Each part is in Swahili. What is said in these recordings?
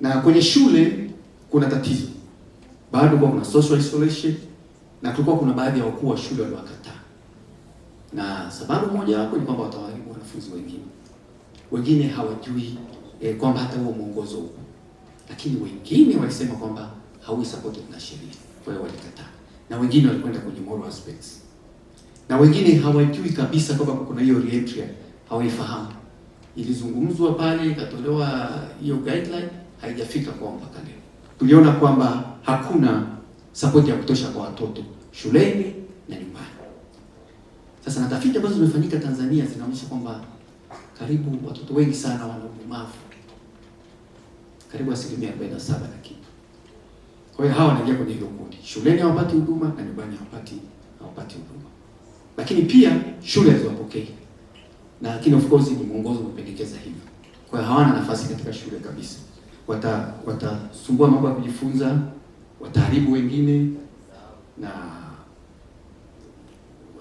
Na kwenye shule kuna tatizo bado, kulikuwa kuna social isolation na kulikuwa kuna baadhi ya wakuu wa shule waliwakataa, na sababu moja wapo ni kwamba watawaharibu wanafunzi wengine. Wengine hawajui eh, kwamba hata huo mwongozo huo lakini wengine walisema kwamba hauwi supported na sheria, kwa hiyo walikataa, na wengine walikwenda kwenye moral aspects, na wengine hawajui kabisa kwamba kuna hiyo reentry, hawaifahamu ilizungumzwa pale, ikatolewa hiyo guideline haijafika kwa mpaka leo. Tuliona kwamba hakuna sapoti ya kutosha kwa watoto shuleni na nyumbani. Sasa na tafiti ambazo zimefanyika Tanzania zinaonyesha kwamba karibu watoto wengi sana wana ulemavu, karibu asilimia arobaini na saba na kitu. Kwa hiyo hawa wanaingia kwenye hilo kundi, shuleni hawapati huduma na nyumbani hawapati hawapati huduma, lakini pia shule haziwapokei na lakini of course ni mwongozo umependekeza hivyo, kwa hiyo hawana nafasi katika shule kabisa watasumbua mambo ya kujifunza, wataharibu wengine, na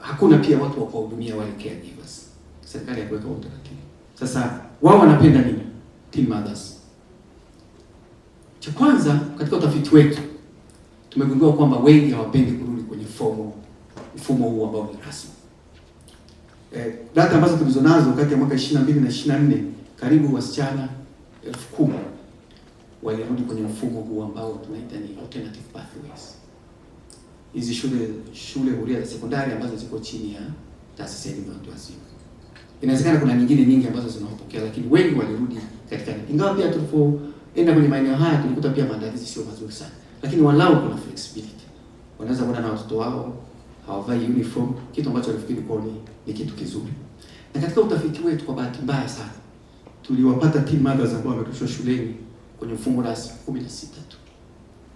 hakuna pia watu wa kuwahudumia wale caregivers. Serikali ya kuweka utaratibu sasa. Wao wanapenda nini teen mothers? Cha kwanza, katika utafiti wetu tumegundua kwamba wengi hawapendi kurudi kwenye fomo mfumo huu ambao ni rasmi. Eh, data ambazo tulizonazo kati ya mwaka 22 na 24 karibu wasichana elfu kumi walirudi kwenye mfumo huu ambao tunaita ni alternative pathways. Hizi shule shule huria za sekondari ambazo ziko chini ya taasisi ya elimu ya watu wazima, inawezekana kuna nyingine nyingi ambazo zinawapokea, lakini wengi walirudi katika, ingawa pia tulipoenda kwenye maeneo haya tulikuta pia maandalizi sio mazuri sana, lakini walau kuna flexibility, wanaweza kuona na watoto wao hawavai uniform, kitu ambacho walifikiri kwao ni, ni kitu kizuri. Na katika utafiti wetu, kwa bahati mbaya sana, tuliwapata team mothers ambao wametoshwa shuleni kwenye mfumo rasmi kumi na sita tu.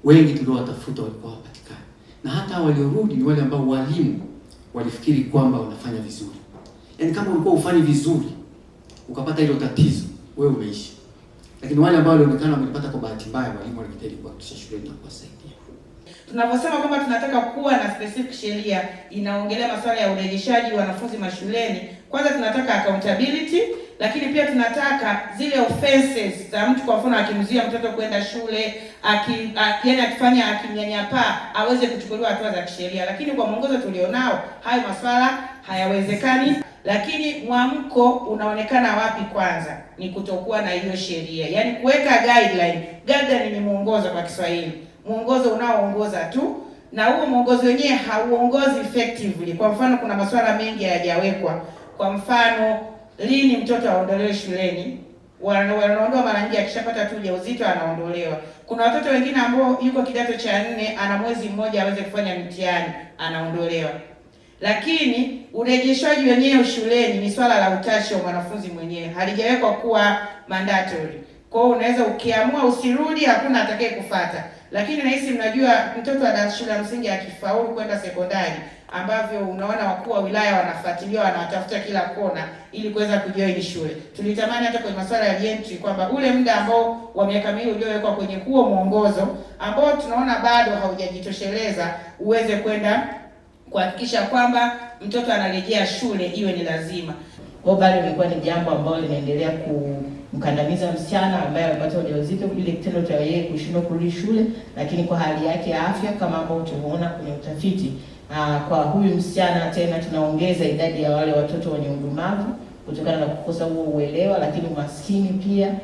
Wengi tuliowatafuta walikuwa hawapatikani, na hata waliorudi ni wale ambao walimu walifikiri kwamba wanafanya vizuri. Yaani kama ulikuwa ufanyi vizuri ukapata hilo tatizo, wewe umeishi. Lakini wale ambao walionekana wamelipata kwa bahati mbaya, walimu walijitahidi kuhakikisha shule na kuwasaidia. Tunaposema kwamba tunataka kuwa na specific sheria inaongelea masuala ya urejeshaji wanafunzi mashuleni, kwanza tunataka accountability lakini pia tunataka zile offenses za mtu, kwa mfano akimzuia mtoto kwenda shule, aki, aki, yani akifanya akimnyanyapaa, aweze kuchukuliwa hatua za kisheria. Lakini kwa mwongozo tulionao hayo maswala hayawezekani. Lakini mwamko unaonekana wapi? Kwanza ni kutokuwa na hiyo sheria, yani kuweka guideline. Guideline ni mwongozo kwa Kiswahili, mwongozo unaoongoza tu na huo mwongozo wenyewe hauongozi effectively. Kwa mfano, kuna masuala mengi hayajawekwa, kwa mfano lini mtoto aondolewe shuleni. Wanaondoa mara nyingi, akishapata tu ujauzito anaondolewa. Kuna watoto wengine ambao yuko kidato cha nne, ana mwezi mmoja aweze kufanya mtihani, anaondolewa. Lakini urejeshwaji wenyewe shuleni ni swala la utashi wa mwanafunzi mwenyewe, halijawekwa kuwa mandatory. Kwa hiyo unaweza ukiamua usirudi, hakuna atakaye kufata Lakini nahisi mnajua, mtoto ana shule ya msingi akifaulu kwenda sekondari ambavyo unaona wakuu wa wilaya wanafuatilia, wanawatafuta kila kona ili kuweza kujua hili shule. Tulitamani hata kwenye masuala ya gentry kwamba ule muda ambao wa miaka miwili uliowekwa kwenye huo mwongozo ambao tunaona bado haujajitosheleza uweze kwenda kuhakikisha kwamba mtoto anarejea shule iwe ni lazima. Kwa bado ilikuwa ni jambo ambalo linaendelea kumkandamiza msichana ambaye amepata ujauzito, ile kitendo cha yeye kushindwa kurudi shule, lakini kwa hali yake ya afya kama ambao tumeona kwenye utafiti Aa, ah, kwa huyu msichana tena tunaongeza idadi ya wale watoto wenye udumavu kutokana na kukosa huo uelewa, lakini umaskini pia